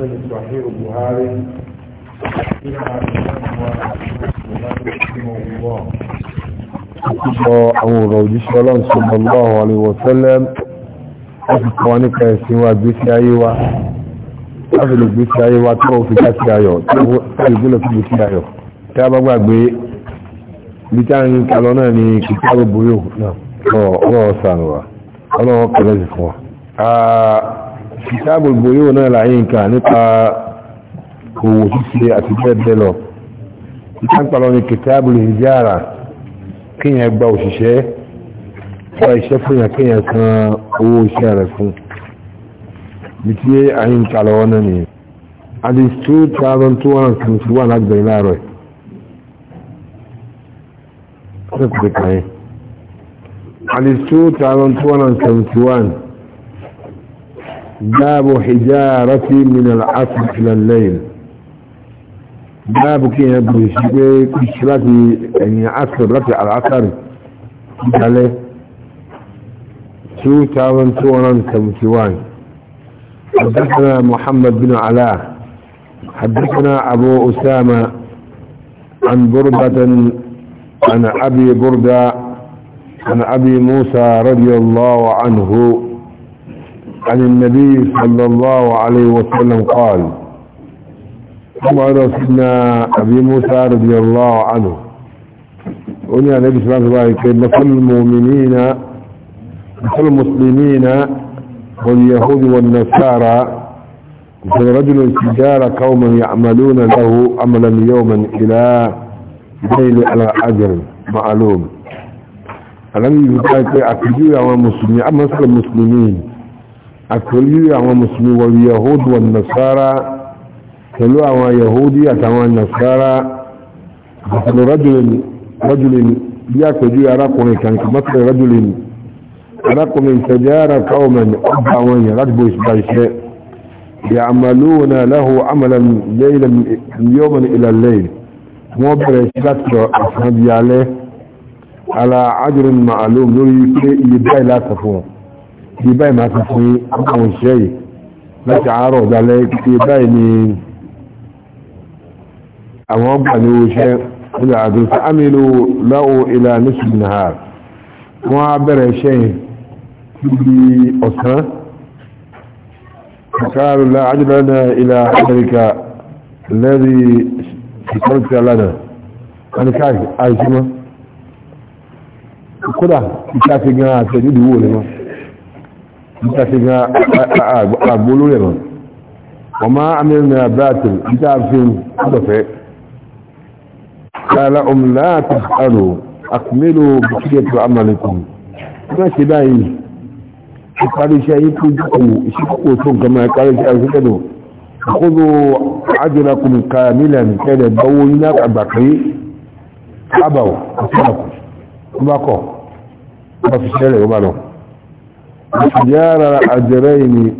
sani sahih buhari Ọjọ́ àwọn ọ̀rọ̀ òjíṣẹ́ ọlọ́run sallallahu alaihi wa sallam, ó fi kọ́ nípa ẹ̀sìn wa gbésí ayé wa, láti lè gbésí ayé wa tó fi já sí ayọ̀, tó lè gbélé fún gbésí ayọ̀. Tí bá gbàgbé, bí tá ń kalọ náà ni kìtà gbogbo yóò náà, ọ̀rọ̀ ọ̀sán wa, ọlọ́run kọlẹ́sì fún wa kìtàbù ìgbòrí wọn náà láyé nǹkan nípa òwò ṣíṣe àti bẹ́ẹ̀ lọ ìta ń pàlọ́ ní kìtàbù ìjára kíyàn gba òṣìṣẹ́ gba iṣẹ́ fún yàn kíyàn kan owó iṣẹ́ rẹ̀ fún bí tí àyè ń kà lọ́wọ́ náà nìyẹn àti 2271 lágbẹ̀ẹ́ láàárọ̀ ẹ̀ باب حجارة من العصر إلى الليل باب كي يبشي كشراتي يعني عصر رتي على العصر عليه 2271 حدثنا محمد بن علاء حدثنا أبو أسامة عن بردة عن أبي بردة عن أبي موسى رضي الله عنه عن النبي صلى الله عليه وسلم قال عمر سيدنا أبي موسى رضي الله عنه قلنا النبي صلى الله عليه وسلم مثل المؤمنين مثل المسلمين واليهود والنصارى مثل رجل تجار قوما يعملون له عملا يوما إلى ليل على أجر معلوم الذي يقول أكدوا يا مسلمين أما مثل المسلمين اكلوا يا مسلمين واليهود والنصارى كلوا يا يهودي اتوا النصارى مثل رجل رجل ياكلوا يراكم كان مثل رجل يراكم من سجارة قوما أبعوان يرد بيس بيس يعملون له عملا ليلا من يوما إلى الليل مبرى شكرا أصحابي عليه على عجر معلوم يريد إيبا لا تفوق bí báyìí máa fi fún àwọn òṣìṣẹ́ yìí láti àárọ̀ ọ̀dálẹ́ pé báyìí ni àwọn ọgbà ní oṣẹ́ ilẹ̀ àdó sàmìlò láwọ ilẹ̀ nísìlì náà wọ́n á bẹ̀rẹ̀ iṣẹ́ yìí bí ọ̀sán قالوا لا عجل لنا إلى أمريكا الذي سكرت لنا أنا كافي عايزة كده كافي قاعد تجد هو níta ṣe gan àgbó lórí ẹ̀rọ ọmọ amẹ́rin abáàtì níta fi ń gbọ̀fẹ́ kààlà ọmọlá àti àrò àkùnmélò bùkúyẹ̀ tó amàlẹ́kùn nígbà ṣe báyìí ìparí iṣẹ́ yìí kú dùkù ìṣíkòkò tó nǹkan máa kárí iṣẹ́ àìsíkẹ́dọ̀ àkóso àjọrakùn kàmílẹ̀ kẹ́lẹ̀ báwo ní حجار أجرين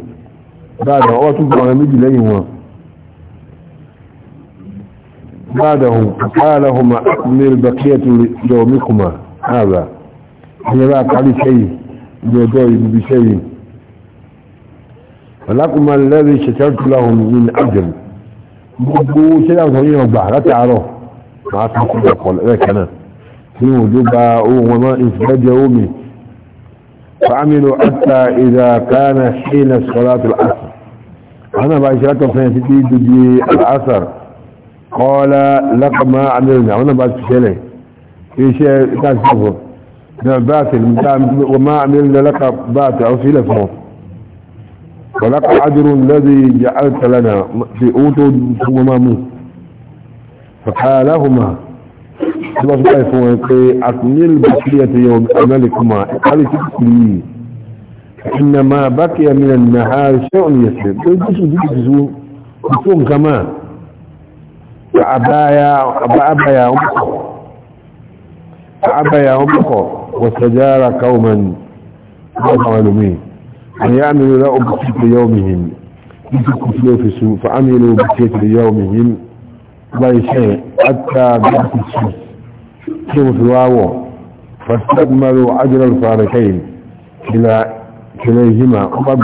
بعد وقت برامج ليهما بعدهم قالهما أكمل بقية يومكما هذا هي لا تعلي شيء يدوي بشيء فلكم الذي شكرت لهم من أجل gbogbo ṣe dáwọn sọ̀rọ̀ yíyan gbà látàárọ̀ máa tún kọ́ ọ̀pọ̀ lẹ́ẹ̀kan náà nínú òjò gba ohun ọmọ فعملوا حتى إذا كان حين صلاة العصر أنا بأشارة فنسيتي العصر قال لك ما عملنا أنا شيء في شيء تاسفه باطل وما عملنا لك باطل أو سلفه ولك عجر الذي جعلت لنا في أوتو ثم فقال لهما tí wọ́n fún ẹ̀fún wọn pé àtúnyẹ́lì bàkíyà ti yọ ọmọlẹ́kùnmá ìkálẹ̀ tí kò yìí ìnà máa bákíyà mi nà ha ṣẹ́ òun yẹ̀sẹ̀ tó jùsù jùsù jùsù tó nǹkan máa àbáyà wọn bọ̀kọ̀ wọ̀sẹ̀jára káwọmọ́ni wọ́n kàwọn ẹlòmíì àyàmìlú rẹ̀ ọbùsìtì yọ́mìhìn يتكفلوا في السوق فعملوا بكيت ليومهم ويشيء حتى بعث الشمس كيف سواو فاستكملوا أجر الفارقين كلا كليهما قد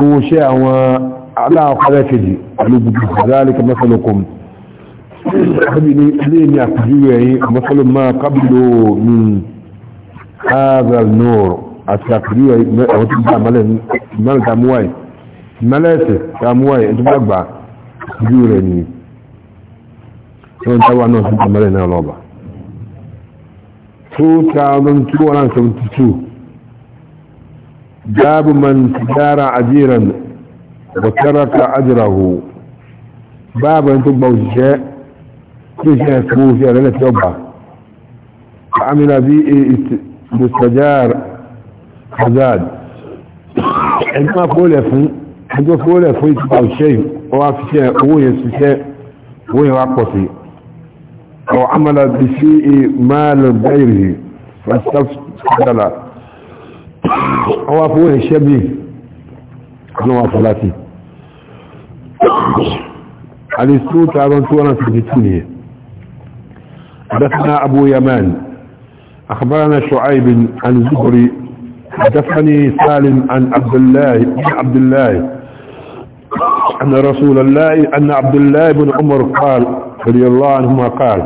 بوشاء وعلى خلقه ذلك مثلكم لين يحجوه مثل ما قبلوا من هذا النور أتكفريه وتبقى ملك تموي ملك تموي انت بقى جورني وانت وانا سنت ملك نالوبا 2272 باب من تجار عجيرا وترك أجره باب أن تبقى وشاء كيشاء سموشاء للا تبقى فعمل بيئي مستجار حزاد عندما أقول لفن عندما قول أقول لفن تبقى وشاء وعفشاء ويسفشاء ويهو عقوصي أو عمل بشيء مال غيره فاستفدل أو الشبي الشبه نوع صلاتي الاسلوب على وانا سجدتوني حدثنا أبو يمان أخبرنا شعيب عن زهري حدثني سالم عن عبد الله عبد الله أن رسول الله أن عبد الله بن عمر قال رضي الله عنهما قال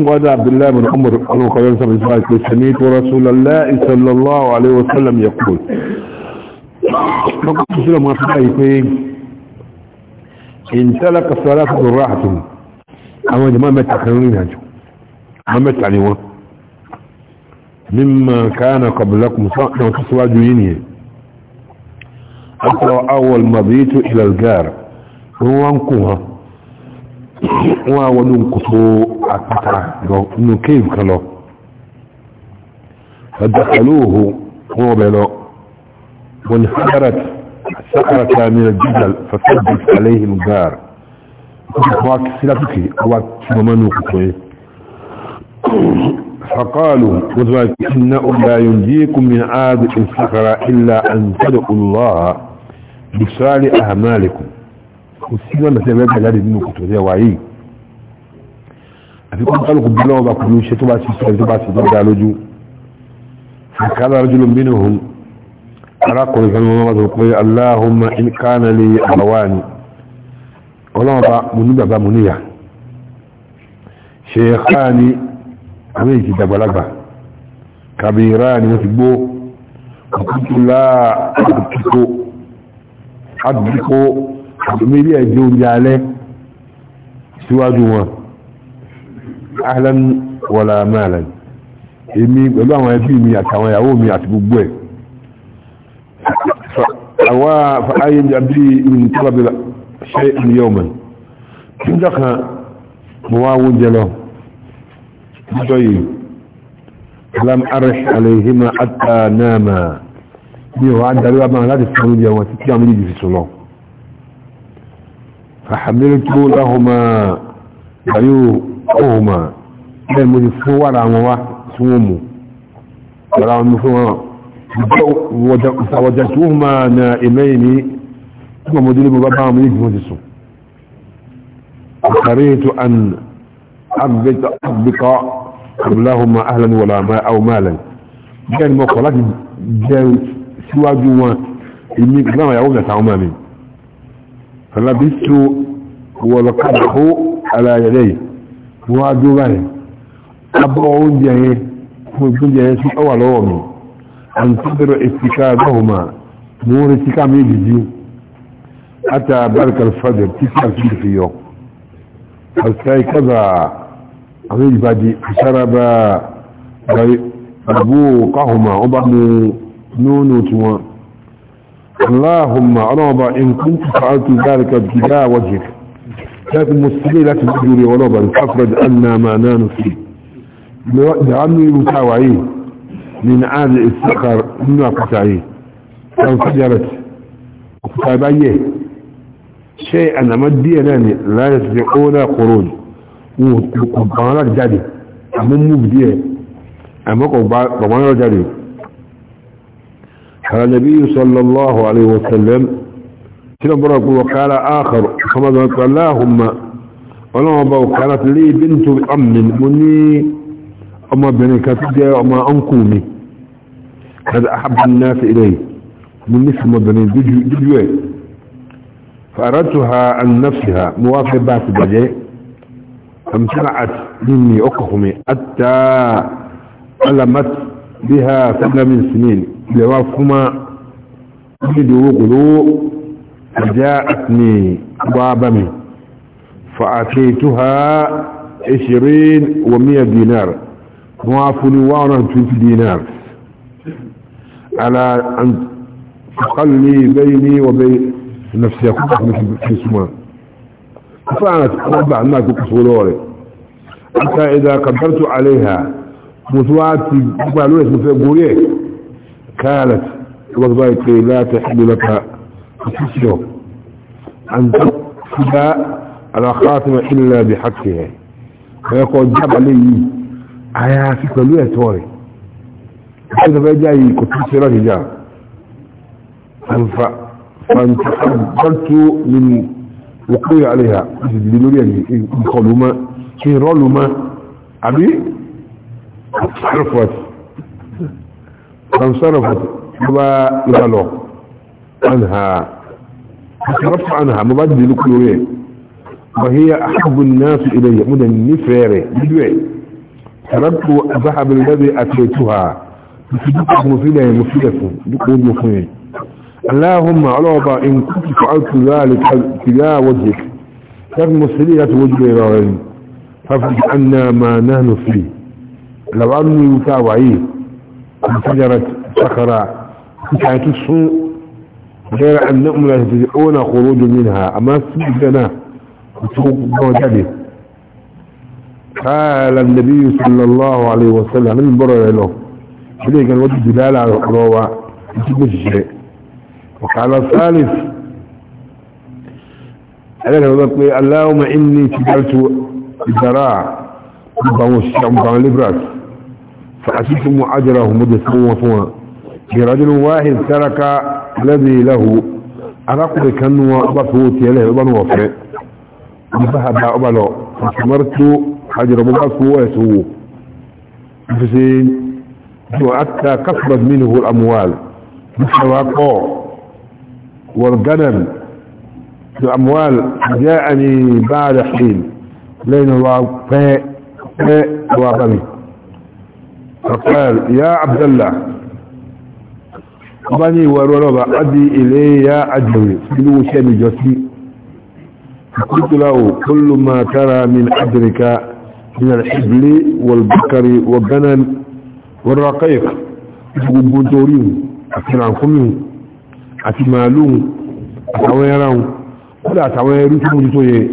وذا عبد الله بن عمر قالوا قال رسول الله صلى الله عليه وسلم يقول فقلت لهم رسول انتلك الصلاة بالراحة اما ما متحنون هجو ما متعنوا يعني مما كان قبلكم صلاة وتسواجوا ينهي أقرأ أول مضيت إلى الجار هو أنكوها wọ́n á wọnú kòtò àpáta lọ inú kéèvù kan lọ ọ̀dọ̀kàlóòhò wọ́n ọbẹ̀ lọ wọ́n ni sakarat sakarat amina jidal fasajid alayhim gaar wọ́n kí sílátùkì wọ́n kí mọ́ mọ́nú kòtò yìí فقالوا إنه لا ينجيكم من عاد الصخرة إلا أن تدعوا الله بسال أعمالكم kò sí ọ̀nà tí ẹgbẹ́ gbàjáde nínú kòtò rẹ̀ wáyé àfi kọ́ńtà lóko bí lọ́wọ́ bá kò ní ṣe tó bá ti sọ tó bá ti dọ́gba lójú fàkàlà rajulun minhum arákùnrin kan wọn wọ́n pé Allahumma in kana li abawani ọlọ́wọ́ bá mo ní bàbá mo níyà shaykhani àwọn èyí ti dàgbàlagbà kabirani wọ́n ti gbó kàkútù láà àdùkò àdùnmí ilé ẹ̀jẹ̀ oúnjẹ alẹ́ síwájú wọn ahlan wala malan èmi pẹ̀lú àwọn ẹbí mi àtàwọn ìyàwó mi àti gbogbo ẹ̀ àwọn ayé jàbí ìmùtọ́lọ́bí ṣe ìyẹ́ ọmọ níjọ́ kan mo wá oúnjẹ lọ níjọ́ yìí lam arish alayhima hatta nama mi ò wá darí wá bá wọn láti fún oúnjẹ wọn títí àwọn méjì fi sùn lọ فحملت لهما بيوهما كان مجفوع رعموا سوموا رعموا فوجدتهما نائمين ثم مدير بابا مليك مجلسوا وقريت أن أبقى, أبقى قبلهما أهلا ولا ما أو مالا كان مقالات جاء سواجوا إني قلنا يعود وقت عمامين فلبثت ولقبه على يديه وادو بني أبعون جهي ويكون جهي في أول عوامي أنتظر استكادهما نور استكام يجزي أتى برك الفجر تسعة في يوم فاستيقظ عزيز بادي فشرب ربوقهما وبعد نونو تمام اللهم رابع إن كنت فعلت ذلك ابتداء وجهك لكن مستحيل لا تبجري ورابع تفرج أن ما نان فيه جعلني متاوعي من عاد السخر من قطعي فانفجرت شيء أنا مدي لاني لا يسبقون قرون وقبانات جدي أمم مبديه أمم قبانات جدي قال النبي صلى الله عليه وسلم تبرك وقال آخر كما قال اللهم ولما وكانت لي بنت أم مني أما تجي أما أنكومي هذا أحب الناس إلي من نسم بني دجوي فأردتها عن نفسها موافبات بجي فامتنعت مني أكهمي حتى علمت بها قبل من سنين لوافما بدو قلوب فجاءتني بابمي فأتيتها عشرين ومئة دينار موافني وانا تنت دينار على أن تقلي بيني وبين نفسي أقول في اسمها فأنا تقلب عنك قصولوري حتى إذا قدرت عليها mo tún wá ti gbogbo àlóyè tí mo fẹ́ gorí ẹ̀ káàlẹ̀ ìwọ́n tó bá ìpè láti ẹgbẹ́ lọ́ta àtúnṣe àǹtí fúdá alákàtúmọ̀ ilẹ̀ bí hàkì ẹ̀ ẹ̀kọ́ jábàlẹ̀ yìí àyàfi pẹ̀lú ẹ̀tọ́ rẹ̀ ẹ̀kọ́ tó fẹ́ já yìí kò tún ṣe láti já فانتحررت من وقوع عليها مثل دلوريا يعني. يقولوا ما في رولوا ما عبي انصرفت فانصرفت ما لغلو عنها عنها مبادل لكل وين وهي أحب الناس إلي من النفير تركت الذهب الذي أتيتها بصدق مفيدة مفيدة مفيدة اللهم علوبا إن كنت فعلت ذلك تلا وجهك كان مسلية وجهي رغم ففجأنا ما نهن فيه لو أني يتاوعي انفجرت صخرة كانت السوء غير أن نؤمن يستطيعون خروج منها أما سيدنا وجده قال النبي صلى الله عليه وسلم من برر له إليه كان وجد دلالة على الحروة يتبش شيء وقال الثالث اللهم إني تجعلت الزراع مبعوث الشعب مبعوث الإبراس فأسيتم أجره مدسوا وفوا برجل واحد ترك الذي له أرقب كنوا بصوت يليه بن وفع فهب أبلو فثمرت حجر مبصوا ويسوه فسين وحتى كسبت منه الأموال بالحواقع والغنم الأموال جاءني بعد حين لين الله فاء فاء وغني فقال يا عبد الله بني وربا أدي إلي يا أجوي بلو شمي جوتي قلت له كل ما ترى من أدرك من الحبل والبكر والغنم والرقيق يقولون تورين أكين عنكمين أتمالون أتويرون كل أتويرون تمجتوي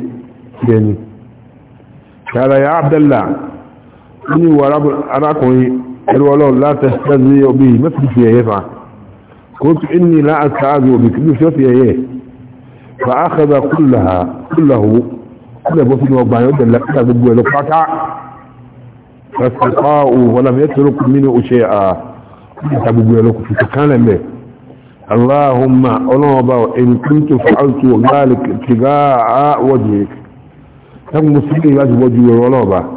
يعني قال يا عبد الله ní ìwà arákùnrin ẹ̀rọ ọlọ́run láti ẹ̀sẹ̀ obi mẹ́sìlì fi ẹ̀yẹ fa kóòtù inni láàṣà àbí obi kí ló fi ẹ̀yẹ fa ákàdà kúlàhù kúlẹ̀ bọ́ sínú ọgbà yóò tẹ̀lé kíkà gbogbo ẹ̀lọ pátá fẹsẹ̀kọ́ òwòlà mẹ́tẹ̀rọ kù nínú oṣẹ́ à kíkà gbogbo ẹ̀lọ kùtù kan lẹ́mẹ̀ اللهم أنوبا إن كنت فعلت ذلك ابتغاء وجهك كم مسلم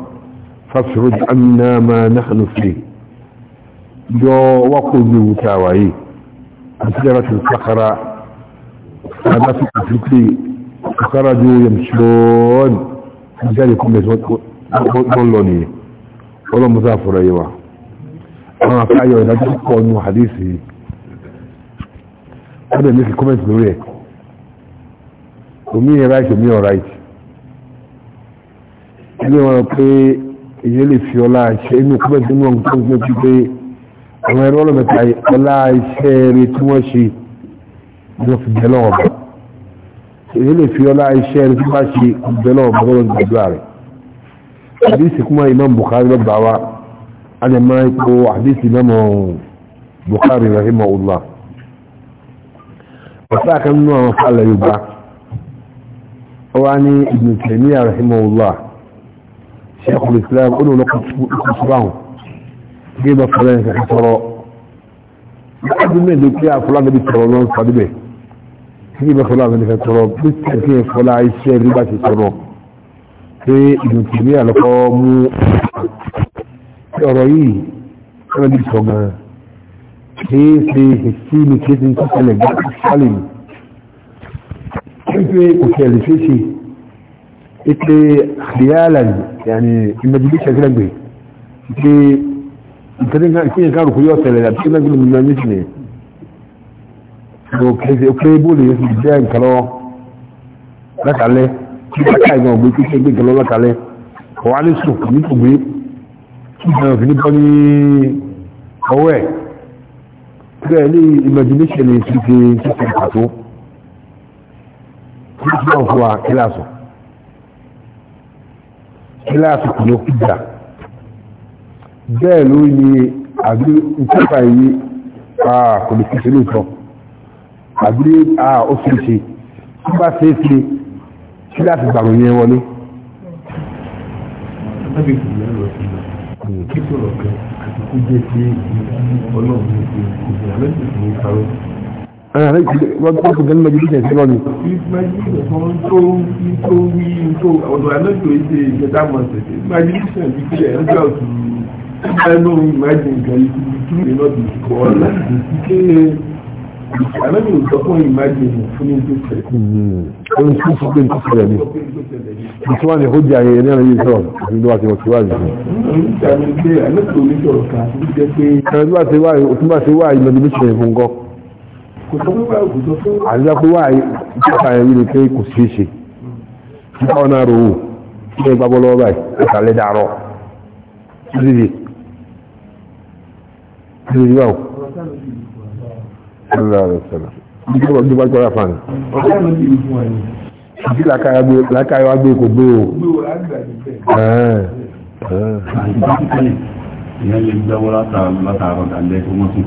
فافرج عنا ما نحن فيه جو وقو جو تاوي أتجرت الصخرة في أفريقي خرجوا يمشون ذلكم يتولوني ولا مسافر أيوة أنا في أيوة لا تكون حديثي هذا مثل كومنت نوريه ومين رايت ومين رايت ẹni wọn èyí lè fi ọlá ṣe inú kúbẹ̀ tí wọ́n tó gbé pípé àwọn ẹ̀rọ ọlọ́mẹta ọlá iṣẹ́ rẹ̀ tí wọ́n ṣe ló fi bẹ̀lọ̀ ọ̀bà èyí lè fi ọlá iṣẹ́ rẹ̀ tí wọ́n ṣe bẹ̀lọ̀ ọ̀bà lọ́wọ́ gbàdúrà rẹ̀ àdìsí kúmọ̀ imam Bukhari lọ́gbà wa adama ipò àdìsí imam Bukhari rahimahullah ọ̀sá kan nínú àwọn fàlẹ̀ Yorùbá ọwá ní Ibn Taymiyyah rahimahullah شيخ الإسلام قلوا لقد صباهم جيبا فلان في حسراء لحد من ذلك يا فلان نبي ترولون صدبه جيبا فلان في حسراء بالتأكيد فلا عيش شير ربا في حسراء في ابن تيمية لقام يرأيه أنا دي صباها كيف يحسيني كيف يتسألك بحسالي كيف يكون شيء ite khiyalan yani imajilisha kila ngwe ite nkadenga kinye karu kuyotele ya kila ngwe mnanyishne okeze okrebule yesu bidan kalo lakale kibaka ngo gbe kike gbe kalo lakale wa ni suk ni tugbe na fini bani owe kire ni imagination ni kike kike kato kike kwa kilaso gíláàsì kò ló kújà bẹ́ẹ̀ ló ní àbí ìtẹ́fà yìí kò lè fi ṣeré ìtọ́ àbí ó fi ṣe tí bá ṣe é ṣe gíláàsì gbàgbọ́ yẹn wọlé. kí sọ̀rọ̀ kan àti kó jẹ́ sí ọlọ́run ní ìpínlẹ̀ ìpínlẹ̀ ẹ̀rọ rẹ̀ ti wọ́n tó kù gẹ́gẹ́ mẹ́jọ bíṣẹ̀ sílọ́ ni. Àlọ́bí ò sọ fún ìmájìnì fún ní ìgbésẹ̀. Ó ń tún fún pé ń tẹ́lẹ̀ ní. Ìtura ni ó jẹ́ ayẹyẹ ní ẹ̀rọ yìí sọ̀rọ̀ àti ìlú àti ọ̀tí wáyé. Ìjà mi pé àlọ́bí ò ní sọ̀rọ̀ kan àti jẹ́ pé. Ẹ̀rọ tí wàá ti wá ìlọ́dún méjì fún gọ́ àjọpọ̀wà ìjọba ẹ̀rí ni pé kò sí ṣe nípa ọ̀nà ròhùn tí ẹ gbá bọ́lọ́ ọ̀bá ìsàlẹ̀ dàrọ̀ títí títí báwò ọ̀rọ̀ nípa gbọ́ra fàn títí lákàáyọ́ agbé kò gbé o ìyá lè gbáwọ́ látàrọ̀ dalẹ́ tó mọ́sùn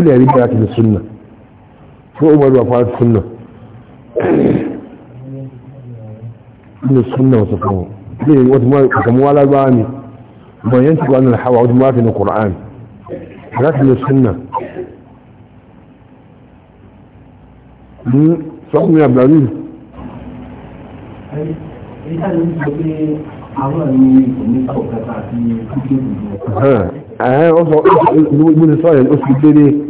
kílẹ̀ rí bíra kìí súnà fún ọmọdé wà fún súnà nínú súnà wọ́n sọ fún wọn ilé ìwọ́n ti mọ́ àkàmú wá lágbára ni wọ́n yẹn ti wà nínú àwọ̀ ọdún wáfẹ́ ní kùrán láti lè súnà ní sọ́kùnrin àbúrú àwọn ẹ̀mí kò ní kọ̀ọ̀kẹ́ta àti kúkẹ́ ìlú ọ̀hún ẹ̀hẹ́ ọ̀sọ̀ ìgbóni sọ́yẹ̀ ó sì gbére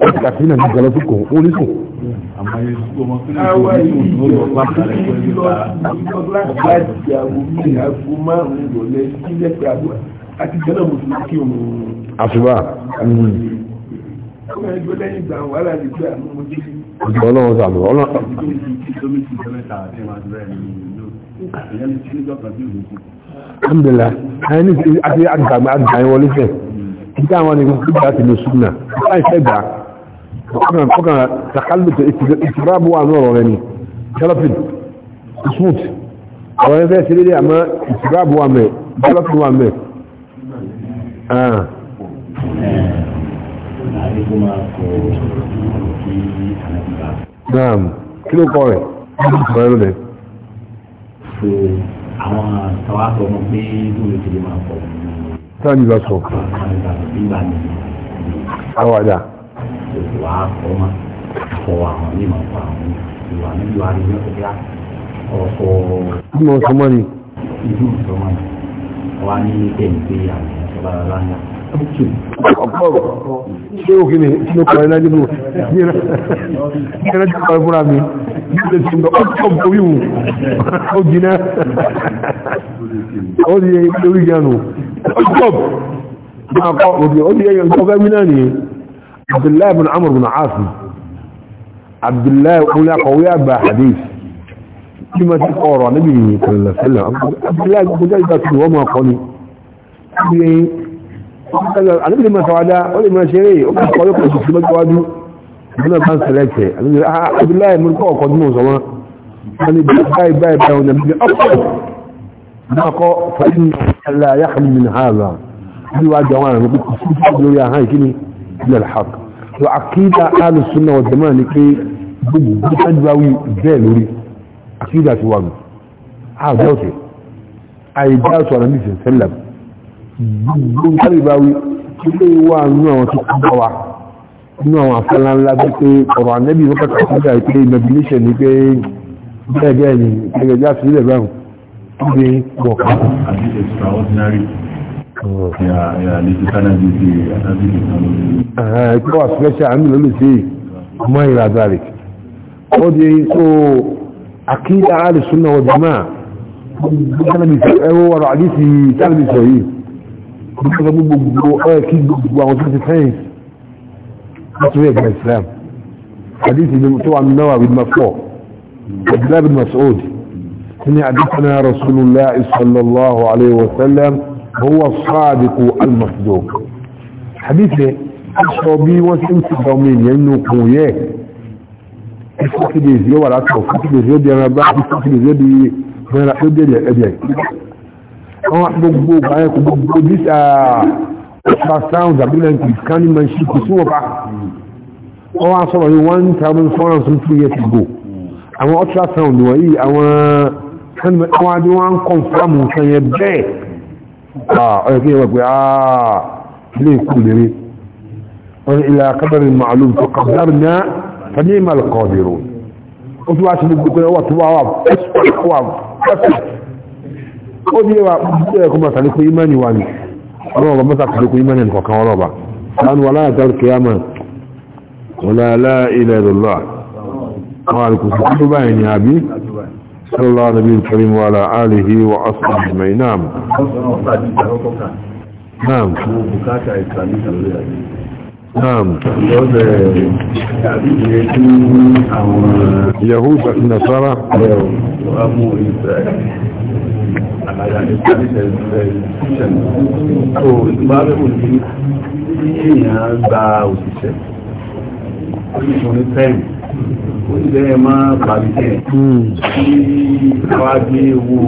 kàfin náà gbàlọ́ tó kọ̀ ó ní sùn. o yìí lọ sí lọ láti àwọn mi àgbo márùn-ún ìrọ̀lẹ́ sílẹ̀ pé àgbo àti gánà mùsùlùmí kí òun. àṣùbà. ọmọ ẹgbẹ́ lẹ́yìn ìgbà wàhálà lè gbé àwọn ọmọ tó ti ọlọ́run sàmù ọlọ́run alhamdulillah ẹni àti àgbàgbà àgbà ẹwọlé fẹ́ títà àwọn ènìyàn tó gbà sí lóṣùnà láìsẹ́gbàá فكان فكان تخلف اضطراب وانور يعني خلف صوت او انا زي سيدي اما اضطراب وامي خلف وامي اه نعم كيلو قوي قالوا لي àwọn tàwa sọ mọ pé lórí ti lè máa pọ̀. sáà ní ìgbà wà á kọ́ ma kọ́ àwọn ní ma kọ́ àwọn ìwà níbi wà á ní ọ̀gá ọ̀fọ̀. ọmọ ọsọmọ ni. ìlú ọsọmọ ni wa ní ẹni pé àwọn ìjọba ni tí mo kọ̀ọ̀rẹ́ lájú bò ní ẹ̀rọ tí kọ̀ọ̀rẹ́ fúnra mi ní ṣe ti lọ ọ̀pọ̀ orí wù ó jiná ó di lórí ìjánu ọ̀pọ̀ máa kọ́ عبد الله بن عمرو بن عاصم عبد الله ولا قوي ابا حديث كما تقرا النبي صلى الله عليه وسلم عبد الله بن جلبة وما أنا النبي ما سوادا ولا ما شيء وما قال يقول في الجواد هنا كان سلاكه عبد الله من قوه قد مو زمان يعني باي باي باي ما اقوى فإن لا يخلي من هذا في واحد جوانا يقول كيف يقول يا هاي كني ilẹ̀ alhaq to akida alùsùnà ọ̀dẹ̀mọ́ ni pé gbogbo gbogbo bẹ́ẹ̀ lórí akida ti wà nù àbẹ́ọ̀tẹ̀ àìdá sọ̀rọ̀ ní sẹ̀sẹ̀lẹ̀ gbogbo gbogbo ilé wà nínú àwọn tó kọ́ wa nínú afẹ́lá ńlá bí pé ọ̀rọ̀ ànẹ́bí ló kẹ́kọ̀ọ́ sí ìgbà pé imagination ni pé bẹ́ẹ̀ bẹ́ẹ̀ ni gẹ́gẹ́ bí a sì ilẹ̀ báwọn tó bí كوا سبيشا عمل اللي فيه وما إلى ذلك ودي عقيدة أهل السنة والجماعة هو رعديسي تلبي صحيح بكذا ببقوا أكيد ببقوا وصلت الحين أسويك الإسلام حديثي بمقطوع من نوى بالمفقوع عبد الله بن مسعود إني حدثنا رسول الله صلى الله عليه وسلم هو الصادق المصدوق حديثه الصوبي وسمت الضمين ينو قويه الفكر يزيو ولا الفكر يزيو دي انا بعد الفكر دي انا راح يدي لي ابيك هو بوبو بايك بوبو ديس ا ساوند ابينا انت كان من شي كسوه بقى هو اصلا 1400 years ago àwọn ultrasound wọ̀nyí àwọn kan wọ́n adé wọ́n ń kọ̀nfàmù kan yẹ bẹ́ẹ̀ ọ̀yọ̀ ah, kí ẹwà pé àà ah, ilé ìkú lèrè wọ́n ilẹ̀ akẹ́bẹ̀rẹ̀ màálù tó kàbíyàrù náà fẹ́ni ìmàlùkọ̀ọ̀dẹ̀rọ̀ ó tún wá sí gbogbo pé ọwọ́ tó wá wà ó ní ẹwà ẹ̀kọ́ máa tàbí pé ìmánì wà ní ọlọ́ọ̀bà mọ́ta tàbí pé صلى الله نبي الكريم وعلى آله وأصحابه أجمعين نعم نعم نعم يهود النصارى Ìyàn ó ti bẹ́ẹ̀ máa bàbí tẹ̀ kí wá gbé owó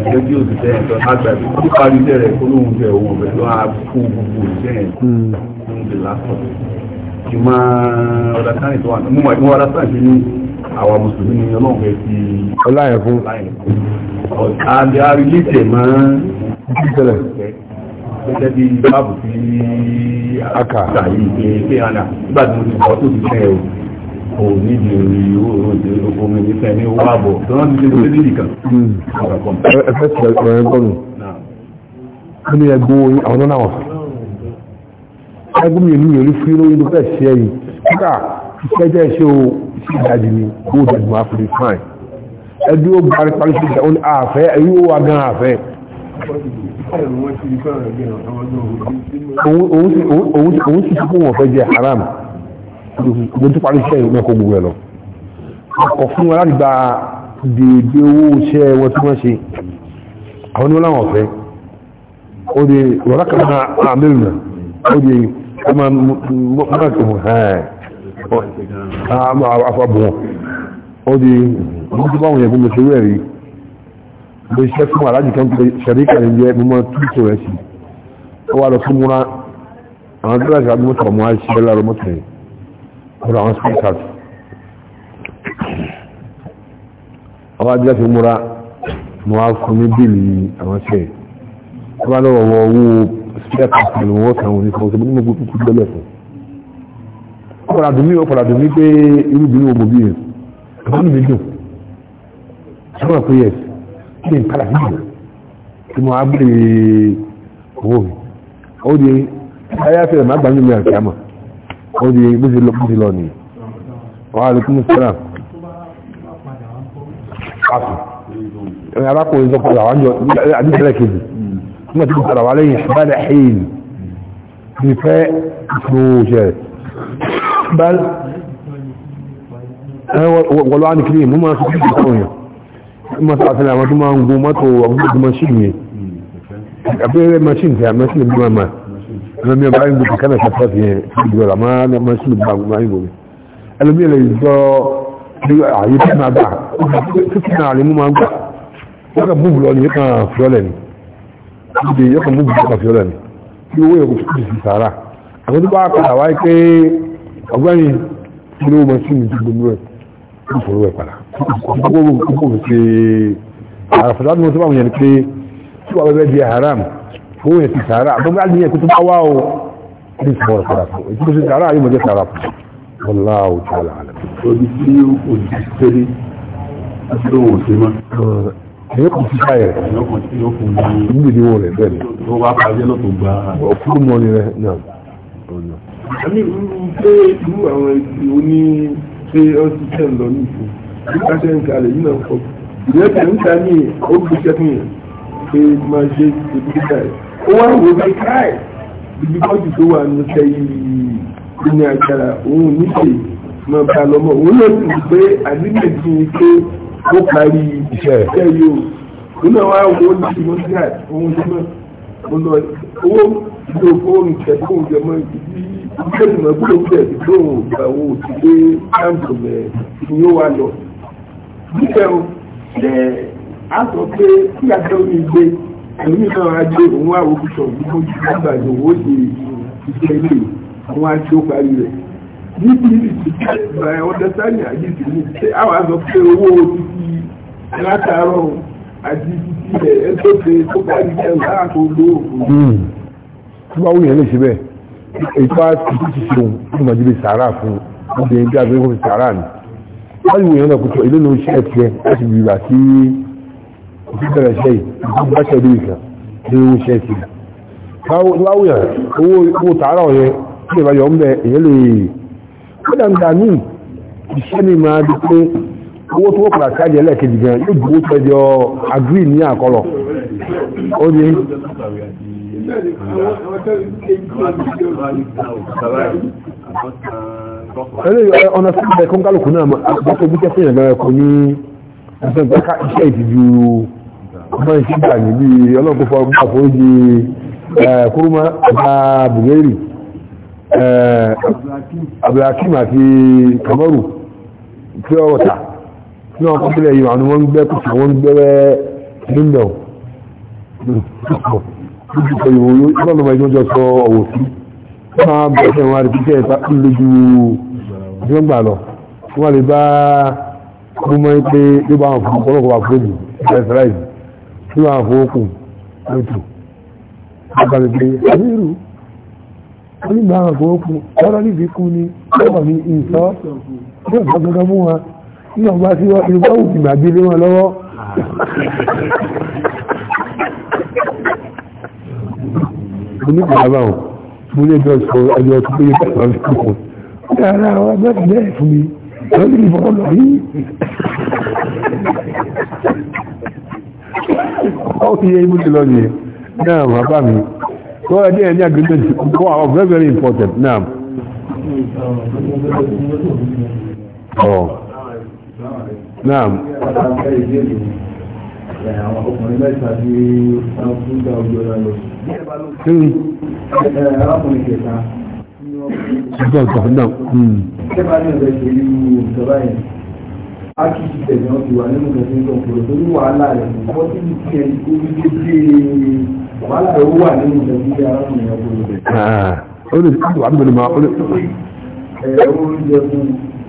ìṣẹ́ tí òṣìṣẹ́ ẹ̀ tọ́ lágbàdo kí parí tẹ̀ rẹ̀ kó lóun jẹ owó rẹ̀ lọ́wọ́ fún gbogbo ìṣẹ́ ẹ̀ ń lè lásán kí máa ọ̀dà sáyẹn tó wà mú ọ̀dà sáyẹn ní àwa mùsùlùmí ni ọlọ́run fẹ́ fi ọláyẹ̀ fún ọ̀dà àbí arílẹ̀ tẹ̀ máa ń bí gẹ́gẹ́ bí báàbù tí aka ṣàyí pé pé àná nígbà tí mo ti kọ́ tó ti fẹ́ o kò níbi orí owó omi ní fẹ́ ní owó àbọ̀ tó rántí ṣe ló dédì kan. ẹ fẹ́ sọ ẹ̀rọ ẹgbọ́n nù kí ni ẹgbọ́n oyin àwọn náà wà ẹgbọ́n mi ò ní mi ò ní fi lóyún tó fẹ́ ṣe ẹ̀yìn nígbà iṣẹ́ jẹ́ iṣẹ́ o iṣẹ́ ìdájì ni kó o dẹ̀gbọ́n àfẹ́ fine ẹdí ó parí parí sí ìjà ó ní àfẹ́ ẹ̀yìn ó wà àfẹ́ òun sì fún wọn fẹ́ jẹ haram mo tún parí iṣẹ́ ìrìnà kó gbogbo ẹ̀ lọ ọkọ̀ fún wọn láti gba dèédé owó iṣẹ́ wọn tí wọ́n ṣe àwọn oníwọ́n láwọn ọ̀fẹ́ ó di rọ̀rá kan náà àmìlì náà ó di ọmọ mọ́kàtí wọn ẹ̀ẹ́ àbọ̀ wọn ó di mọ́tí báwọn yẹn kó mo ṣe wẹ́rìí mo ṣiṣẹ́ fún aláàjì kan pé ṣẹ̀ríkà ní jẹ́ mímọ́ tútù rẹ̀ sí ó wà lọ fún múra àwọn tó láti àdúgbò sọ̀rọ̀ mọ́ àìṣẹ́ lárọ́ mọ́tò yìí ọ̀rọ̀ àwọn speakers ọwọ́ ajé láti múra mo wá fún ní bíìlì àwọn ṣe tó bá lọ́wọ́ wọ owó speakers pẹ̀lú wọn kan òní kan òṣèlú nígbà kúkú gbẹ́lẹ̀ fún ó padà dùn mí ó padà dùn mí pé irú ìbílẹ̀ òmòbí yẹn ìbánu mi dùn sọ́wọ́n pé yẹn ní ìpàdà nígbà tí mo agbèrè owó mi ó di ayáfẹ́ rẹ̀ má gbà ní ìlú àti àmà ó di bó ṣe lọ bó ṣe lọ nìyí wà á lè kí mo sọ́ra pàṣẹ ẹ̀rọ arákùnrin tó padà wá jọ àdúgbò kejì nígbà tí mo padà wá lẹ́yìn ìbálẹ̀ ẹ̀yìn ti fẹ́ ìṣòro ṣẹlẹ̀ bá wọ́n lọ́wọ́ ní kiri mú máa mọ́sá àtàlà àwọn tó máa ń gun mọ́tò àwọn tó mọ́ṣìn yẹn àbẹ́rẹ́ mọ́ṣìn tí a mọ́ṣìn bí wọ́n máa ẹlòmí ọba ń gbèsè kánà kàtà sí yẹn ìdúró rà máa ń mọ́ṣìn bí wọ́n máa ń gbòmí ẹlòmí ẹlẹ́ ìjọ àyè tí máa bà títí náà lè mú máa ń gbà wọ́n kà búbu lọ ní yẹ kàn fiọ́lẹ̀ ni ìdè yẹ kàn búbu kàn fiọ́lẹ̀ ni kí fi sí sàárà àwọn tó bá padà wáyé pé ọgbẹ́ni ìlú mọ́ṣìn ti gbòmí rẹ̀ ń fòrò ẹ̀ padà kókò fi ṣe àràfàdà ní wọ́n tó bá wọ̀nyẹ̀ ni pé tí wọ́n bẹ́ẹ̀ di haram fún yẹn ti sàárà àbúgbà ní ẹ̀kú tó bá wá o ní ìfọ̀rọ̀ padà fún èyí tó ṣe sàárà yóò mọ̀ jẹ́ sàárà fún wallahu ta'ala alam. orí tí o ti ṣeré àti òun ṣe mọ́. èyí kò sí káyẹ̀ rẹ̀. kò sí ní. níbi ìdíwọ̀ rẹ̀ bẹ́ẹ̀ ni. tó bá pàdé náà tó gba. ọkùnrin mọ́ni rẹ̀ náà. àmì ìlú pé ìlú àwọn oní ṣe ọtí tẹ̀ lọ ní ìfò káṣẹ́ ń kalẹ̀ yìí náà kọ́ ìrẹ́pẹ̀ ń ta ní ọgbẹ́sẹ̀ fún yẹn pé máa ṣe ìdílé báyìí ó wá wò ó káì ibi kọ́jú tó wà ní sẹ́yìn ní agbára òun níṣe máa bá lọ́mọ òun náà sì pé àdínlẹ̀ ti ń pé ó parí iṣẹ́ yìí o òun náà wá wò ó ní ìmọ̀síà òun tó náà ó lọ owó ìlú owó ìtẹ̀kọ́ ìjọmọ́ ìdí ìgbésùnmọ́ gbólógbòlẹ̀ ìdúró ìgbàwó òtìlé káàmpù rẹ̀ ni ó wà lọ. Bíkẹ́ o, ṣé a sọ pé kí àtẹ́wò ní gbé èmi náà á gbé òun wá òkúṣọ̀ gbogbo jù nígbà tó owó ṣe ìṣe ilé àwọn aṣọ parí rẹ̀. Níbi ìṣẹ́ ìgbà ọ̀dẹ́sánì àjíṣe ní ṣé àwọn àsọ pé owó ti fi látàárọ̀ àjíṣe ilẹ̀ ẹgbẹ́ pé tó bá rí ẹ̀rù láàkó lóògùn. tí wàá wúyẹn lè ṣe bẹ́ẹ̀ èyí tó bá ti ṣe òun tó máa jẹ́bi sàárà fún obìnrin bí abẹ́rẹ́ kò fi sàárà ni wọ́n yìí wòyàn náà kò tó ilé náà ṣe ẹ̀kẹ́ láti bìbà sí ìfẹ́bẹ̀rẹ̀ ṣe yìí bá ṣe ìdí ìkan ní owó ṣe ẹ̀kẹ́ láwùyàn owó tààrà ọ̀yẹn tí ìbáyọ̀ ń bẹ èyẹ́ kódà ń dà ní ìṣẹ́ ni máa di pé owó tó wọ́pàá káàdì ẹlẹ́ẹ̀kejì gan yóò dúró pẹ́jọ agri ní àkọlọ̀ ó ní ẹlẹ́ ọ̀nà sí ìbẹ̀ kún kálùkù náà àgbàkọ̀ bí kẹsẹ̀ ìrìnàgbà ẹ̀kọ́ ní ìgbẹ̀gbẹ̀ká iṣẹ́ ìtìjú ọmọ ìṣẹ́gbà níbi ọlọ́gbọ́fọ́ àforíjì kúrúmá àgbà bùgẹ́rì abdulhakim àti kamaru pure water ní ọkọ̀ sílẹ̀ yìí àwọn wọ́n gbẹ́ kùsù wọ́n gbẹ́rẹ́ nílẹ̀ ìjùkọ̀ ìwò ìrọ̀lọ́mọ ìjọjọ́ sọ ọ̀wọ̀ sí máa bẹ̀rẹ̀ wọn rí pípẹ́ ẹ̀ta lójú ìjọgbà lọ wọ́n lè bá gbọ́mọ́ pé ló bá wọn fún ọlọ́kọ̀ wà fún ìfẹ́sẹ̀láìsì tí wọ́n fún okùn lótò agbára pé àmírù onígbà àwọn okùn ọ̀rọ̀ níbi kú ni ọ̀rọ̀ ní ìsọ́ yóò bá gbọ́gbọ́ mú wọn tí wọ́n bá sí ìrúbá òkè gbàgbé lé wọn lọ́wọ́ mo ní ìgbàlá o mo lè jọ sọ ọjọ́ tó péye pẹ̀lú ọjọ́ tó kù dáadáa wọn bẹ́ẹ̀ ti bẹ́ẹ̀ fún mi lọ́dún ní ìfọwọ́ lọ rí ọ́ fi yẹ ibùdó lọ nìyẹn náà bàbá mi tó ẹdí ẹni agreement kó àwọn very very important náà. Oh náà. ọkùnrin mẹ́ta tí wọ́n ìgbà òjò náà lọ. arákùnrin kẹta ní ọkùnrin náà. ṣẹ́bà ní ọ̀rẹ́ ṣe irú ìjọba yẹn ákìsì tẹ̀lé wọn ti wà nínú kẹsì ń sọ̀rọ̀ pẹ̀lú torí wàhálà rẹ̀ kò tí ì tiẹ̀ kó ní dédé wàhálà rẹ̀ ó wà nínú kẹsì tí arákùnrin yẹn kó lọ bẹ̀. ó lè ṣe àdùn àdùn mẹ́rin máa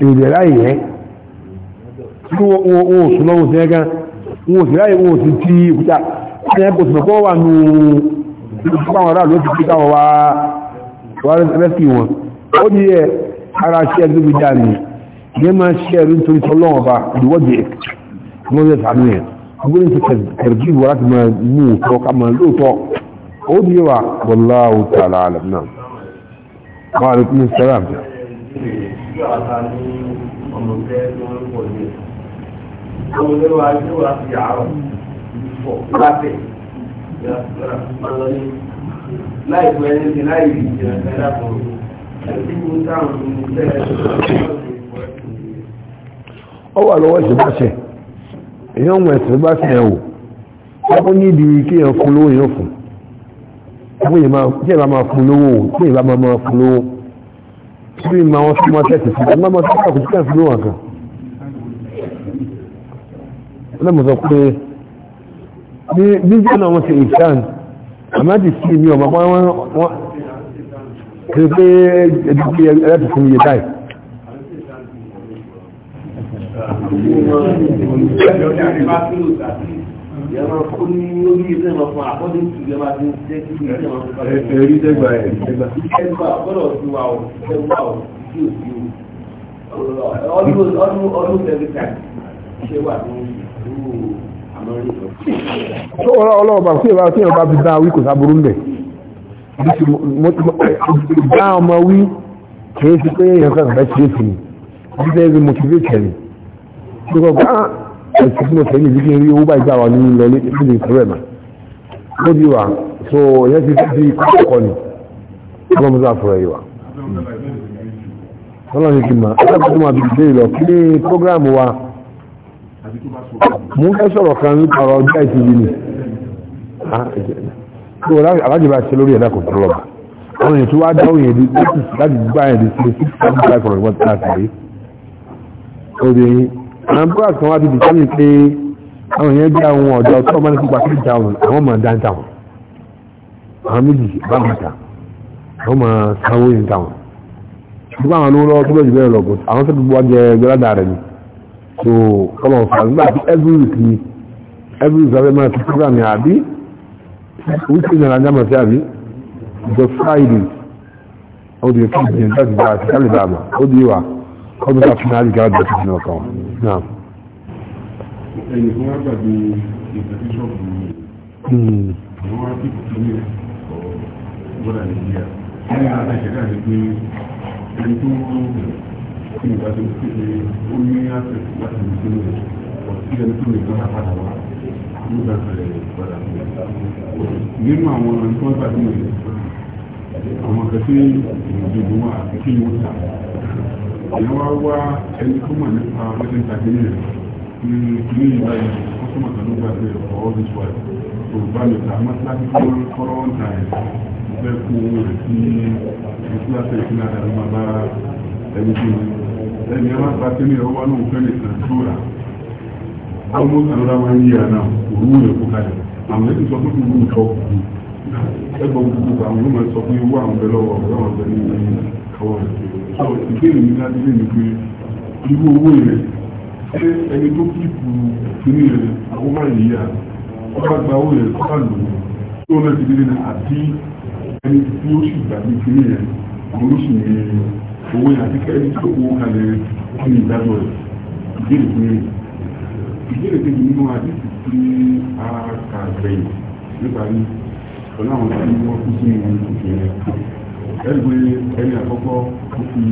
èrè láyé ẹ́ tí wọ́n ò sùn lọ́wọ́ sí ẹgán wọ́n ò sì láyé wọ́n ò sì ti òkúta ní ẹgbẹ́ òsùn kọ́ wà nù ìfúnpáwọn aráàlú ti fi káwọn wá wá rẹ́sì wọn ó di ẹ ara ṣe ẹgbẹ́ ibi dá ni ìyẹn máa ṣe ẹ̀rí nítorí tọ́lọ́wọ́n bá ìwọ́de ẹ̀ wọ́n yẹ sànú ta'ala alam náà wà á ìrèlè tí àta ní ọmọ tẹ́ tó ń pọ̀ ní ẹ̀. Àwọn olóró ajé wa ti àárọ̀ fọ̀ lábẹ́ láìpẹ́ ní ti láì rí ìjìnà ẹ̀dá kan. Ẹ̀sìn mú táwọn ọmọ tẹ́ ẹ̀ ó wà lọ́wọ́ ìṣẹ́báṣẹ́ èyàn mọ̀ ìṣẹ́báṣẹ́ ẹ̀wò ọkún níbi kí èyàn fún lówó èyàn fún tí èyàn bá máa fún lówó tí èyàn bá máa fún lówó bí ma wọn sí wọn tẹ́tì sí ẹgbẹ́ wọn tẹ́tì kò tíkà sí lóhàn kan lẹ́mọ̀ sọ pé ní bíjẹ́ náà wọ́n ṣe ìṣàn àmájì sí mi ọmọ pọ́n wọ́n kìí pé ẹdùkú ẹlẹ́tì fún iye báyìí Ìjọba ìrìnbá sílò tàbí ìyàmọ̀ kó ní orí ilé ìmọ̀ fún àkọ́dé tù ìyàmọ̀ àti ìṣẹ́ tí ìṣẹ́ ìmọ̀ fún àkọ́dé. ẹ̀rí dẹ́gbà ẹ̀ dẹ́gbà. ìṣẹ́gbà gbọ́dọ̀ sí wa o ìṣẹ́gbà o sí o sí o ọdún ọdún ọdún tẹ̀lifà ṣé wà ní irú àmọ́rí ìfọ̀. tó ọlọ́wọ́ bá tí ìbá tí ìbá fi dá wí kò sábúrú ńbẹ̀ dá ọmọ wí kìí ṣe pé èèyàn kan kàbẹ́ ṣe é sí ni ọdún tẹ́lifà motivate ẹ̀ ni ẹ̀sìn fún ọ̀sẹ̀ yìí kí n rí owó báyìí gbà wà nínú lọlé fún ìfúrẹ́ mà ó di wà so ìyẹn ti fi kọ́ ni ọmọ mi sá fúrẹ́ yìí wà. ọlọ́run ní kí n mọ̀ alábàtú máa bí ìbéèrè lọ kí ní prógráàmù wa mú ẹ sọ̀rọ̀ kan nípa ọ̀rọ̀ ọjọ́ ìtìjú ni ah, so alájẹ bá ṣe lórí ẹ̀dá kò tó lọ́ba àwọn èèyàn tó wá dáwọ́ yẹn di láti gbá yẹn di sí six seven five hundred one thousand eight àwọn bros kan wá bíbí sẹ́yìn pé àwọn èèyàn jẹ́ àwọn ọ̀dọ́ tó ọmọ ní pípa sí ìdáhùn àwọn ọmọ dáńtàwọn àwọn méjì bá bàtà àwọn ọmọ sanwó yìí dáhùn nígbà àwọn olówó lọ́wọ́ tó lọ́jọ́ bẹ́ẹ̀ lọ́gùn àwọn sẹ́kù gbọ́ jẹ gbẹ́ládà rẹ̀ ni so kọ́mọ̀ fà nígbà tí every week ni every week abẹ́ máa ti program yà àbí weekly náà lájà mọ̀ sí àbí the friday ó di ẹ̀kọ́ ìgbìyànjú láti gba àti kálíbà àmà ó di ìwà kọ́mọ̀ fà fún náà láti gba àti kálíbà àmà ẹni tó wá gbàgbé ìgbà tí ṣọ́ọ̀bù mi hmm. àwọn wá sí kùtù ní ọ̀gbọ́dà nàìjíríà ní ara ìṣẹ̀dá ni pé ẹni tó kí ni ìgbàgbé pé ó ní àṣẹ láti lè sínú rẹ̀ ọ̀sí ẹni tó lè gbọ́dà padà wá nígbà rẹ̀ padà nínú àwọn tó wá gbàgbé rẹ̀ àwọn akẹ́kẹ́ ìrìnàjò wà àti kí ni wọ́n èèyàn wá wá ẹni tó mọ̀ nípa wedding ceremony ní ilé ìwà yìí wọ́n tó mọ̀ tánú gbàgbé ọ̀pọ̀ ọdún tó wáyé tó bá lè ta máa láti kọ́ kọ́rọ́ ọ̀nà ẹ̀ fẹ́ rẹ̀ sí ìṣúná tẹ̀ ìṣúná rẹ̀ máa bá ẹni tó ẹni ẹ máa pàṣẹ ní ọwọ́ náà fẹ́ lè tàn tó rà ọmọ ìsànlọ́dá máa ń yíra náà òru rẹ̀ kó kalẹ̀ àwọn ẹni sọ fún ìlú ìtọ́ ẹgbọ́n gbogbo àwọn yóò sọ fún ewu àwọn bẹ́ẹ̀ sọ ìbéèrè mi láti lè ní pé irú owó rẹ̀ ṣé ẹni tó kíkù kíní rẹ̀ àwọn máa yìí yà ó bá gba owó rẹ̀ kó bá lò ó tó lọ sí ilé náà àti ẹni tí ó sì gbàgbé kíní rẹ̀ àwọn ló sì ní owó yẹn àti kẹ́ni tó owó kalẹ̀ kí ni ìdájọ́ rẹ̀ ìbéèrè kíní rẹ̀ ìbéèrè kejì nínú àdìsí tí a ẹgbẹ́ ẹni àkọ́kọ́ ó fi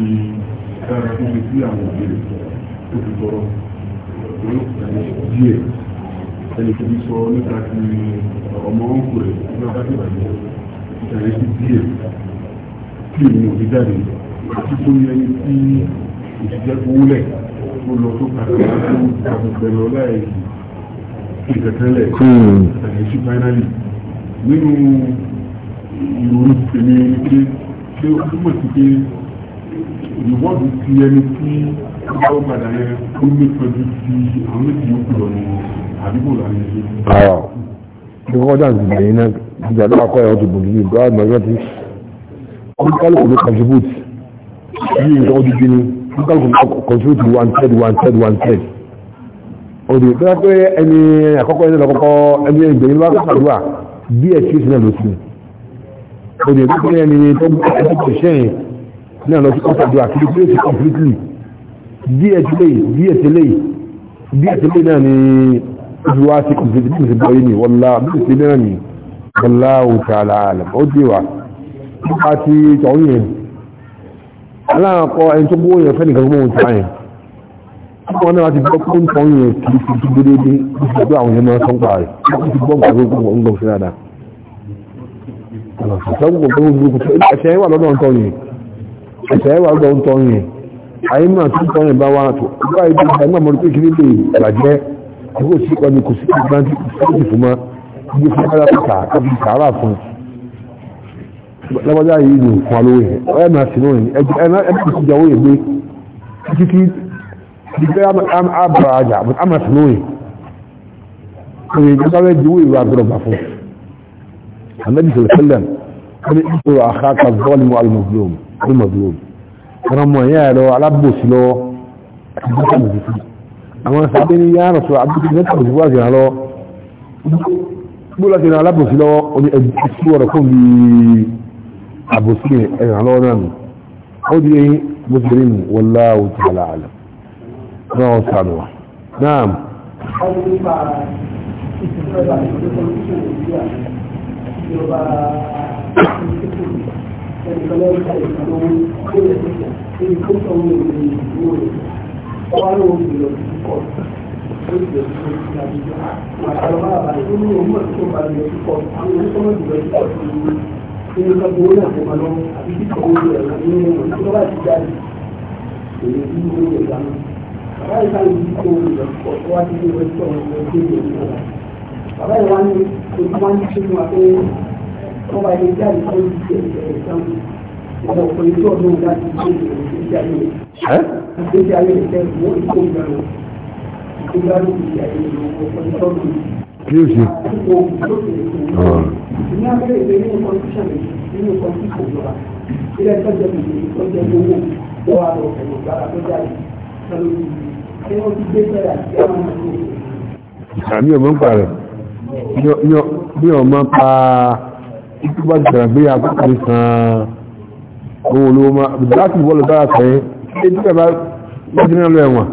dára fún mi sí àwọn òbèrè ó ti sọ̀rọ̀ díẹ̀ ẹni tó fi sọ nípa ti ọmọ òǹkù rẹ̀ ní abájọ́ ìbàjẹ́ ìtàlẹ́ sí díẹ̀ kí èmi ò fi jáde àti tó yẹ ní tí òṣìṣẹ́ gbowó lẹ̀ tó lọ tó kàkà tó gbàgbọ́ lọ láì ìtẹ̀tẹ̀lẹ̀ ìtàlẹ́ hmm. sí fáínálì nínú ìròyìn tèmi ní pé ṣe ó túmọ̀ sí pé ìwọ́dù ti ẹni tí ó padà yẹn ó ní pẹ̀lú ti àwọn méjì yòókù lọ ní àdúgbò láàrin ìlú. àrà ìwọ́n dà ní ìgbẹ̀yìn náà ìjà ló akọ́ ẹ̀họ́ tó bò ní ìgbà àmọ́ ẹgbẹ́ ti kọ́ńtàlùkù ló contribute bí nǹkan ó dídí ni kọ́ńtàlùkù ló contribute one third one third one third. òdì pé ẹni àkọ́kọ́ ẹni lọ́kọ́kọ́ ẹni ìgbẹ̀yìn lọ́kọ́ òdì ẹ̀dọ́ fún ẹni tó gbọ́dọ̀ tó ṣẹ́yìn náà lọ sí kọ́tàdù àkìlì tó ṣe completely díẹ̀ tí lè díẹ̀ tí lè díẹ̀ tí lè náà ni ojú wa ṣe complete bí ṣe bọ́ yìí ni wọ́lá bí ṣe náà ni wọ́lá òkè àlàálẹ̀ ó dé wa nípa ti tọ̀hún yẹn aláàkọ ẹni tó gbówó yẹn fẹ́nìkan gbówó ta yẹn wọ́n náà ti gbọ́ pé yẹn kì í ṣe gbódédé bí ṣe gbọ́ àwọn yẹn máa sọ́ńpa rẹ̀ ó ti gbọ́ nǹkan tó gbọ́ nǹkan dáadáa lọ́wọ́ gbogbo gbogbo kùtù ẹ̀ṣẹ̀ wà lọ́dọ̀ ntọ́ yẹn ẹ̀ṣẹ̀ wà lọ́dọ̀ ntọ́ yẹn ayé náà tó ntọ́ yẹn bá wà tó bá yẹ kí ẹgbẹ́ mọ́tò kiri lè bàjẹ́ kókò sí ọdún kò sí ìgbàntí kò sí fún ma ibi fún ara kàkà káfí sàárà fún lọ́wọ́dá yìí ló fún alówó yẹn ọ̀yẹ́ máa sì lóyìn ẹgbẹ́ kò jáwó yẹn gbé títí ìgbẹ́ àbàrà àjà àmà sì lóyìn òyìnbó sáré diwó ìwà àgbọ̀dọ̀gbà fún un النبي صلى الله عليه وسلم قال اخاك الظالم والمظلوم المظلوم رموا يا لو على بوس لو اما سابني يا رسول عبد الله بن زواج لو بقول على بوس لو الصوره كون بي ابو سليم انا لو نان خذي مجرم والله تعالى اعلم رواه نعم نعم ìjọba ẹnìkan lẹ́yìn ká ìkan ló ń kó lè tẹ̀sẹ̀ níbi tó sọ wọn èdè ìlú rẹ̀ ọwọ́ ló ń gbèrò sí kọ́ ó ti lè fún ìdí àdúgbò àtàlọ́ bá bàbá tó ní òun mọ̀ tó bá lè sí àwọn oníṣọ́mọ̀ ìgbà sí kọ́ sí ní ní bàbá ìwà ni kò tó máa ń ṣe fún wa pé wọ́n bá ilé iṣẹ́ àdìsọ́ yìí ṣe ìṣẹ̀lẹ̀ ìṣẹ́wọ̀n ọ̀dọ̀ kò ní tó ọdún ọ̀gá ti ṣe ìṣẹ́ ayé rẹ̀ ìṣẹ́ ayé rẹ̀ tẹ́ wọ́n ti kó ìgbàlù ìgbàlù ìṣẹ́ ayé rẹ̀ ọ̀pọ̀ ìṣọ́ọ̀dù kí o ṣe. ní abẹ́rẹ́ ìwé nínú kọ́ńtíṣàn nínú kọ́ńtíṣàn ìjọba ilé ẹjọ́ jẹ́ bìbì tó jẹ́ owó tó wà lọ pẹ̀lú ìgbàlá tó jáde lọ́dún yìí kí wọ́n ti gbé fẹ́rẹ̀ àti àwọn ọmọ ìlú. àmì ọ̀gbọ́n pààrọ̀ bí ọmọ pa ikú bá jẹ́ gbé àkókò sàn ohun olówó máa láti wọ́lọ̀ dára fẹ́ ṣe tí bàbá lọ́dún náà lọ ẹ̀wọ̀n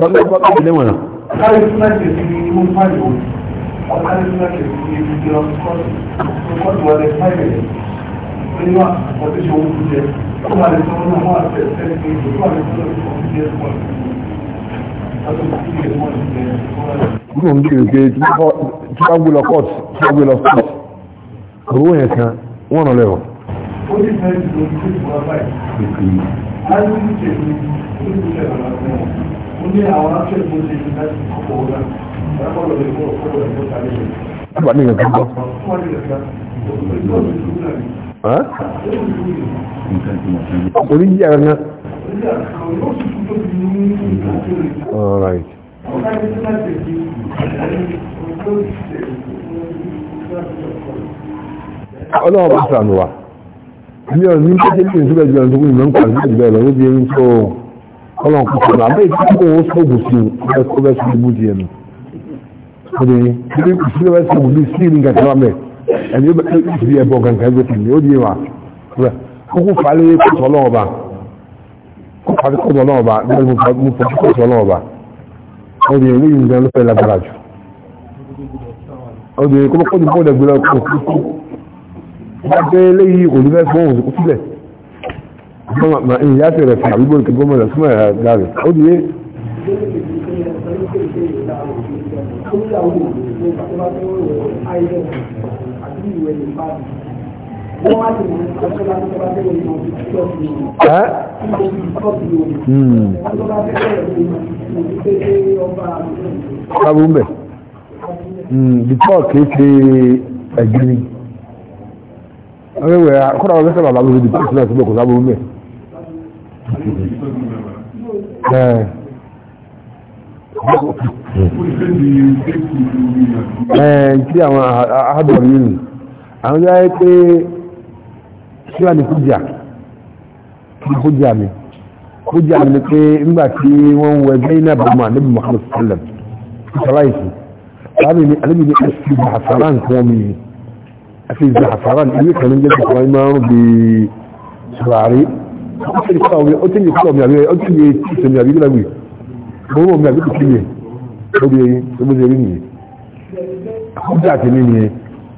Ọjọ́ ìpapọ̀ ìdẹ́wọ̀n náà. Káyé fún láti ẹ̀sìn ni wọ́n fáyẹ̀ wọ́n. Ọjọ́ ìpapọ̀ ìdẹ́wọ̀n náà níwà ọdún ṣe owó jẹ ó wà lè sọ́wọ́n náà wọ́n àti ẹ̀sẹ̀ ní ìlú wà lè sọ́wọ́n ní ọdún jẹ́ pọ̀ Nígbà ń kiri pé tí wọ́n gbé lọ court tí wọ́n gbé lọ court owó yẹn Ó ní fẹ́ ìlú tí ó wà báyìí. A ní ìṣèlú olùdíjẹ̀ ọ̀la fún wọn. Ó ní àwọn akẹ́kọ̀ọ́ tó ṣe ìlú kọ́kọ́ ọ̀la. Ìyàpọ̀ lọ́dọ̀ ìfowópamọ́ ìfowópamọ́ ìfowópamọ́. Wọ́n ní ìgbà kan orí jíjà gangan all right bá sàánù wa ní ọ̀nà ní pẹ́jẹ́ ní ìṣúgbẹ́ ìjọ ìṣúgbẹ́ ìmọ̀ ń pàṣẹ ìgbẹ́ ẹ̀rọ ló bí ẹni tó ọlọ́wọ́ kò sọ̀rọ̀ àbẹ́ ìtìkò owó sọ́gùn sí ẹ̀kọ́ bẹ́ẹ̀ sí ibú ẹni ó ti ẹbọ gangan ẹgbẹ́ tì ní ó di wa kókó falẹ̀ kótó ọlọ́ọ̀ba kókó falẹ̀ kótó ọlọ́ọ̀ba lẹ́yìn mo fọ́ kótó ọlọ́ọ̀ba ó di ẹni yìí gan ló lágbára jù ó di ẹni kókó kótó bọ́ọ̀dẹ̀ gbé lọ́kọ̀ kókó lábẹ́ eléyìí kò ní fún òun kó sílẹ̀ ma in ya tẹ̀rẹ̀ fún àbúgbò ìkẹgbọ́n mọ̀lá súnmọ̀ ẹ̀ dáre ó di yé sí ìwé lè fà mí. Wọ́n wá sí ìwé ìtọ́jú láti tọ́ba tẹ́ ìwé ìmọ̀ sí ìtọ́ sí ìwé. Ẹ́ ìwé ìtọ́ sí ìwé. Wọ́n tọ́ba tẹ́ ìwé ìmọ̀ sí pé ọba àbúrò. bẹ̀. Bìtọ́ kìí ṣe ẹ̀gbin ni. Ọ̀rẹ́wẹ̀ kọ́ra ọ̀rẹ́ sábà bá lórí bìtọ́ sílẹ̀ síbẹ̀ kò sábà bẹ̀. Ẹ̀ẹ́n tí àwọn ahádọ̀rí yìí àwọn yáyé pé ṣíwá ní kújà ní kújà mi kújà mi ni pé nígbà tí wọ́n wẹ zainab ọmọ níbi muhammad sallam ìsàláìsì láàbì ní alẹ́bì ní ẹ̀sì zahafaran tí wọ́n mi ní ẹ̀sì zahafaran ilé kan ní jẹ́ kí wọ́n máa ń rúbi sùràrí ó ti ní kọ́ mi ó ti ní kọ́ mi àbí ó ti ní tíṣe mi àbí nígbàgbé mo mọ̀ mi àbí kò kí mi ó bí ẹyin tó bó ṣe nìyẹn kújà ti nìyẹn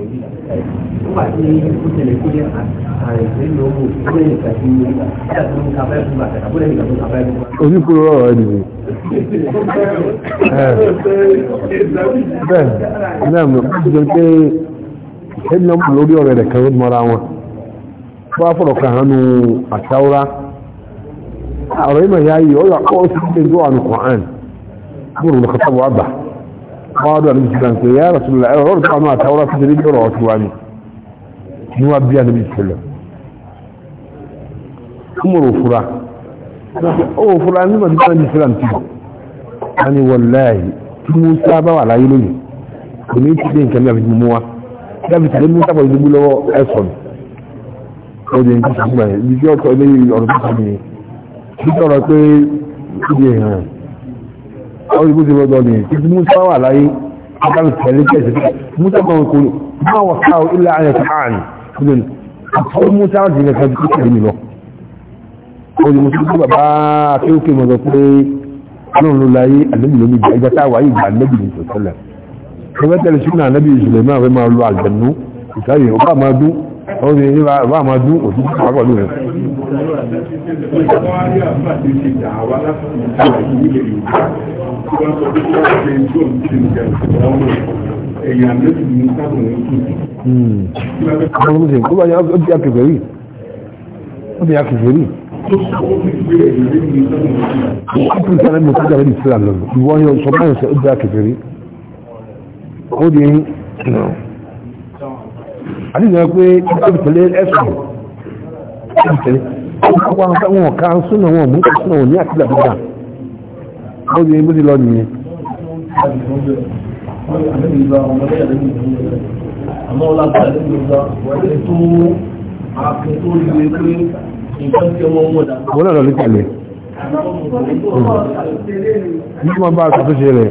nígbà tí ó tẹ̀lé kí ní àrẹ̀sẹ̀ lọ́wọ́ ó lè nìkan sí ní ìgbà tó ń ka fẹ́ fún bàtà àbúrò nìkan tó ń ka fẹ́ fún bàtà. oníkúrò ọ̀rọ̀ ẹ̀ nìyí. bẹ́ẹ̀ náà mo jẹ́ pé ẹni náà mọ̀ lórí ọ̀rẹ́ rẹ̀ kan ó mọ́ra wọn tó wá fọ̀rọ̀ kan hánu àṣàwọ́rá ọ̀rọ̀ yìí mà yá yìí ó yọ akọ́wọ́ sí قالوا النبي صلى الله عليه وسلم يا رسول الله ارجع مع التوراة تدري جرى عثماني نوبيا النبي صلى الله عليه وسلم امروا فرا او فرا ما تبقى النبي صلى الله عليه وسلم يعني والله موسى بقى على يلي كنت تدين كم يابد مموا يابد علي موسى بقى يدبو له اصل او دين كنت حكمه بيجي اوتو الي ارضي حبيني بيجي ارضي حبيني àwọn ìbò ti lọ́dọ̀ ní títí musa wà láyé agbára tẹ̀lé kẹsì musa kan kò máa wà káà ilẹ̀ ayẹ káàn kúlẹ̀ àwọn musa ti rẹ̀ kan kíkẹ́ mi lọ àwọn ìbò ti bàbá akéwòkè mọ̀ sọ pé ọlọ́run ló láyé àlẹ́bì lómi ìgbà ìgbà táwà yìí gbà àlẹ́bì ní sọ̀tẹ́lẹ̀ kẹfẹ́tẹ̀lẹ̀ sí náà àlẹ́bì ìṣẹ̀lẹ̀ máa fẹ́ máa lọ àlẹ́nu ìsáyè ọba máa dún àwọn obìnrin ní bá máa dún òtún pàápàá rẹ̀ wọ́n sọ pé wọ́n ṣe ń tó àwọn ọmọ ìṣègùn bá yà ó di rí ó di akẹfẹ rí. wọ́n tún mọ̀ sájà lẹ́yìn sílẹ̀ lọ́nà ìwọ́n yóò sọ báyọ̀ sẹ́ ó di akẹfẹ rí. ó di ẹyin àdìsí wọn pé ó ẹ̀sùn ó tẹ̀lé àwọn ọ̀ká súnà wọn mú súnà wọn ní àtìlẹ́bùdà ó di ti lọ nìyẹn. wọ́n mọ̀ ní tẹ̀lé. ní wọ́n bá ṣàtúnṣe rẹ̀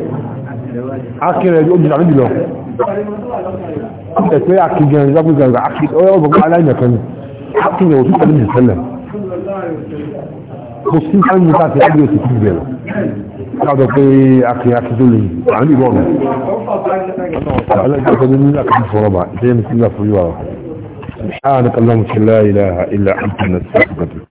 akẹ́rẹ́ ó jùlọ níbi lọ. ẹ̀pẹ́ akígan ìjágbégan ọ̀bọ̀n aláìmọ̀kan òtún tẹ̀lé nìtẹ́lẹ̀. kò sí káyọ̀ mú káàkiri káàdọ̀ pé akìyàkì tó lè àmì ìrọ̀nù alájọ́kọ́ ní láti fọ́rọ̀ bá ìdẹ́yẹn sí ìlà fún yíwa rẹ̀ ṣáà ní kallon kí láìláà ilẹ̀ àmì